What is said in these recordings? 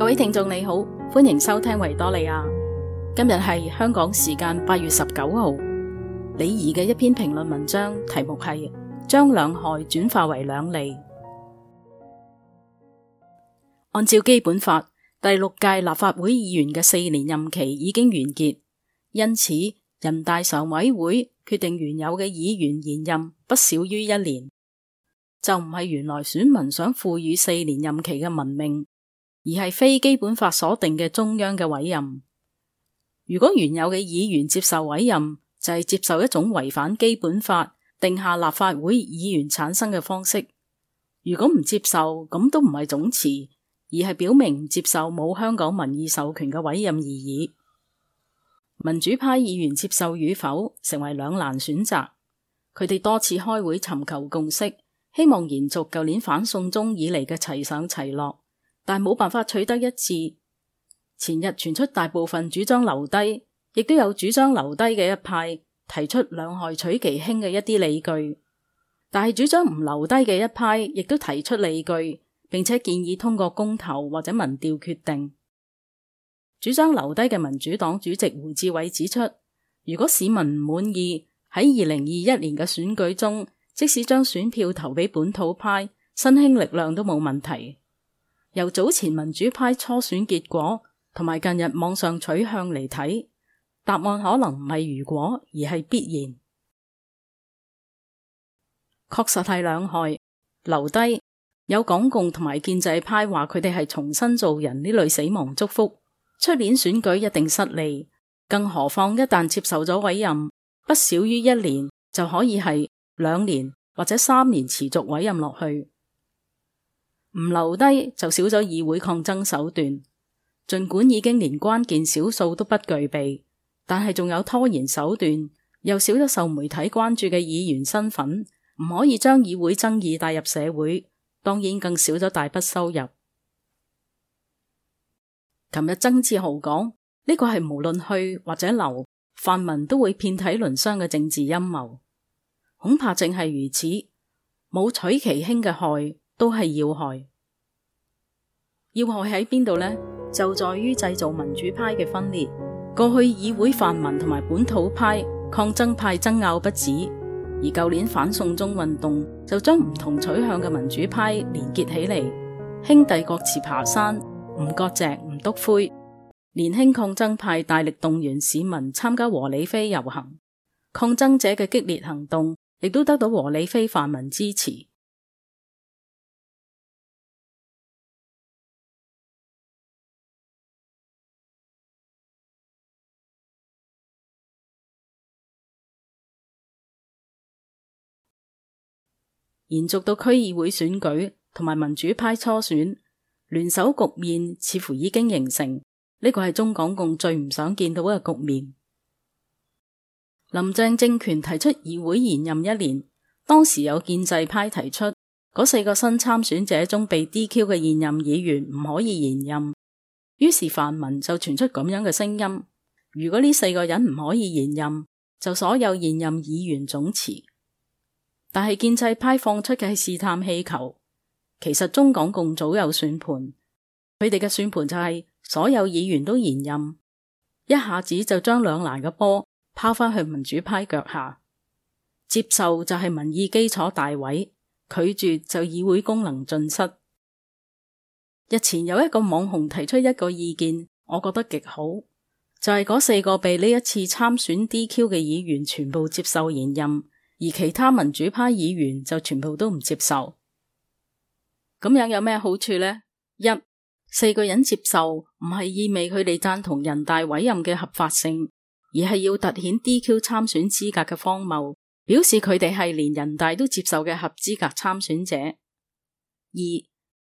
各位聽眾你好，歡迎收聽維多利亞。今日係香港時間八月十九號，李怡嘅一篇評論文章，題目係將兩害轉化為兩利。按照基本法，第六屆立法會議員嘅四年任期已經完結，因此人大常委會決定原有嘅議員現任不少於一年，就唔係原來選民想賦予四年任期嘅文明。而係非基本法所定嘅，中央嘅委任。如果原有嘅議員接受委任，就係、是、接受一種違反基本法定下立法會議員產生嘅方式。如果唔接受，咁都唔係總辭，而係表明接受冇香港民意授權嘅委任而已。民主派議員接受與否，成為兩難選擇。佢哋多次開會尋求共識，希望延續舊年反送中以嚟嘅齊上齊落。但冇辦法取得一致。前日傳出大部分主張留低，亦都有主張留低嘅一派提出兩害取其輕嘅一啲理據。但係主張唔留低嘅一派亦都提出理據，並且建議通過公投或者民調決定。主張留低嘅民主黨主席胡志偉指出，如果市民唔滿意，喺二零二一年嘅選舉中，即使將選票投俾本土派、新興力量都冇問題。由早前民主派初選結果同埋近日網上取向嚟睇，答案可能唔係如果，而係必然。確實係兩害，留低，有港共同埋建制派話佢哋係重新做人呢類死亡祝福，出年選舉一定失利，更何況一旦接受咗委任，不少於一年就可以係兩年或者三年持續委任落去。唔留低就少咗議會抗爭手段，盡管已經連關鍵少數都不具備，但係仲有拖延手段，又少咗受媒體關注嘅議員身份，唔可以將議會爭議帶入社會，當然更少咗大筆收入。琴日曾志豪講呢個係無論去或者留，泛民都會遍體鱗傷嘅政治陰謀，恐怕正係如此，冇取其輕嘅害。都係要害，要害喺邊度呢？就在於製造民主派嘅分裂。過去議會泛民同埋本土派抗爭派爭拗不止，而舊年反送中運動就將唔同取向嘅民主派連結起嚟，兄弟各自爬山，唔割席唔篤灰。年輕抗爭派大力動員市民參加和理非遊行，抗爭者嘅激烈行動亦都得到和理非泛民支持。延續到區議會選舉同埋民主派初選，聯手局面似乎已經形成。呢個係中港共最唔想見到嘅局面。林鄭政權提出議會延任一年，當時有建制派提出嗰四個新參選者中被 DQ 嘅現任議員唔可以延任，於是泛民就傳出咁樣嘅聲音：如果呢四個人唔可以延任，就所有現任議員總辭。但係建制派放出嘅係試探氣球，其實中港共早有算盤，佢哋嘅算盤就係所有議員都延任，一下子就將兩難嘅波拋翻去民主派腳下，接受就係民意基礎大位，拒絕就議會功能盡失。日前有一個網紅提出一個意見，我覺得極好，就係、是、嗰四個被呢一次參選 DQ 嘅議員全部接受延任。而其他民主派議員就全部都唔接受，咁樣有咩好處呢？一、四個人接受唔係意味佢哋贊同人大委任嘅合法性，而係要凸顯 DQ 參選資格嘅荒謬，表示佢哋係連人大都接受嘅合資格參選者。二、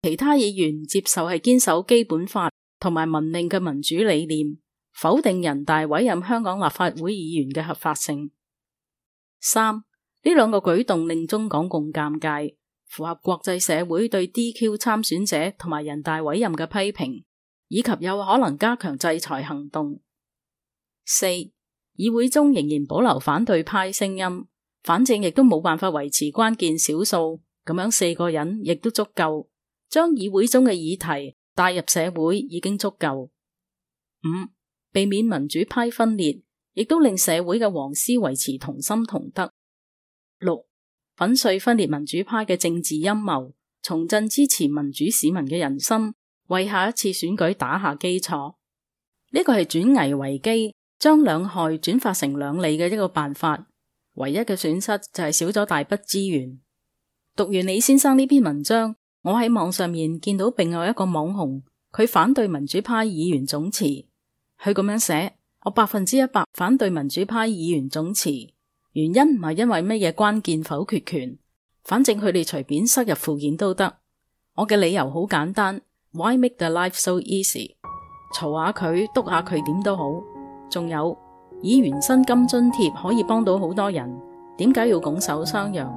其他議員接受係堅守基本法同埋文明嘅民主理念，否定人大委任香港立法會議員嘅合法性。三。呢兩個舉動令中港共尷尬，符合國際社會對 DQ 參選者同埋人大委任嘅批評，以及有可能加強制裁行動。四、議會中仍然保留反對派聲音，反正亦都冇辦法維持關鍵少數，咁樣四個人亦都足夠，將議會中嘅議題帶入社會已經足夠。五、避免民主派分裂，亦都令社會嘅黃絲維持同心同德。六粉碎分裂民主派嘅政治陰謀，重振支持民主市民嘅人心，為下一次選舉打下基礎。呢個係轉危為機，將兩害轉化成兩利嘅一個辦法。唯一嘅損失就係少咗大筆資源。讀完李先生呢篇文章，我喺網上面見到另外一個網紅，佢反對民主派議員總辭，佢咁樣寫：我百分之一百反對民主派議員總辭。原因唔係因為乜嘢關鍵否決權，反正佢哋隨便塞入附件都得。我嘅理由好簡單，Why make the life so easy？嘈下佢，督下佢，點都好。仲有以原薪金津貼可以幫到好多人，點解要拱手相讓？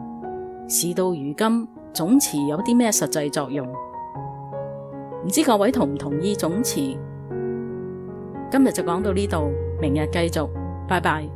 事到如今，總辭有啲咩實際作用？唔知各位同唔同意總辭？今日就講到呢度，明日繼續，拜拜。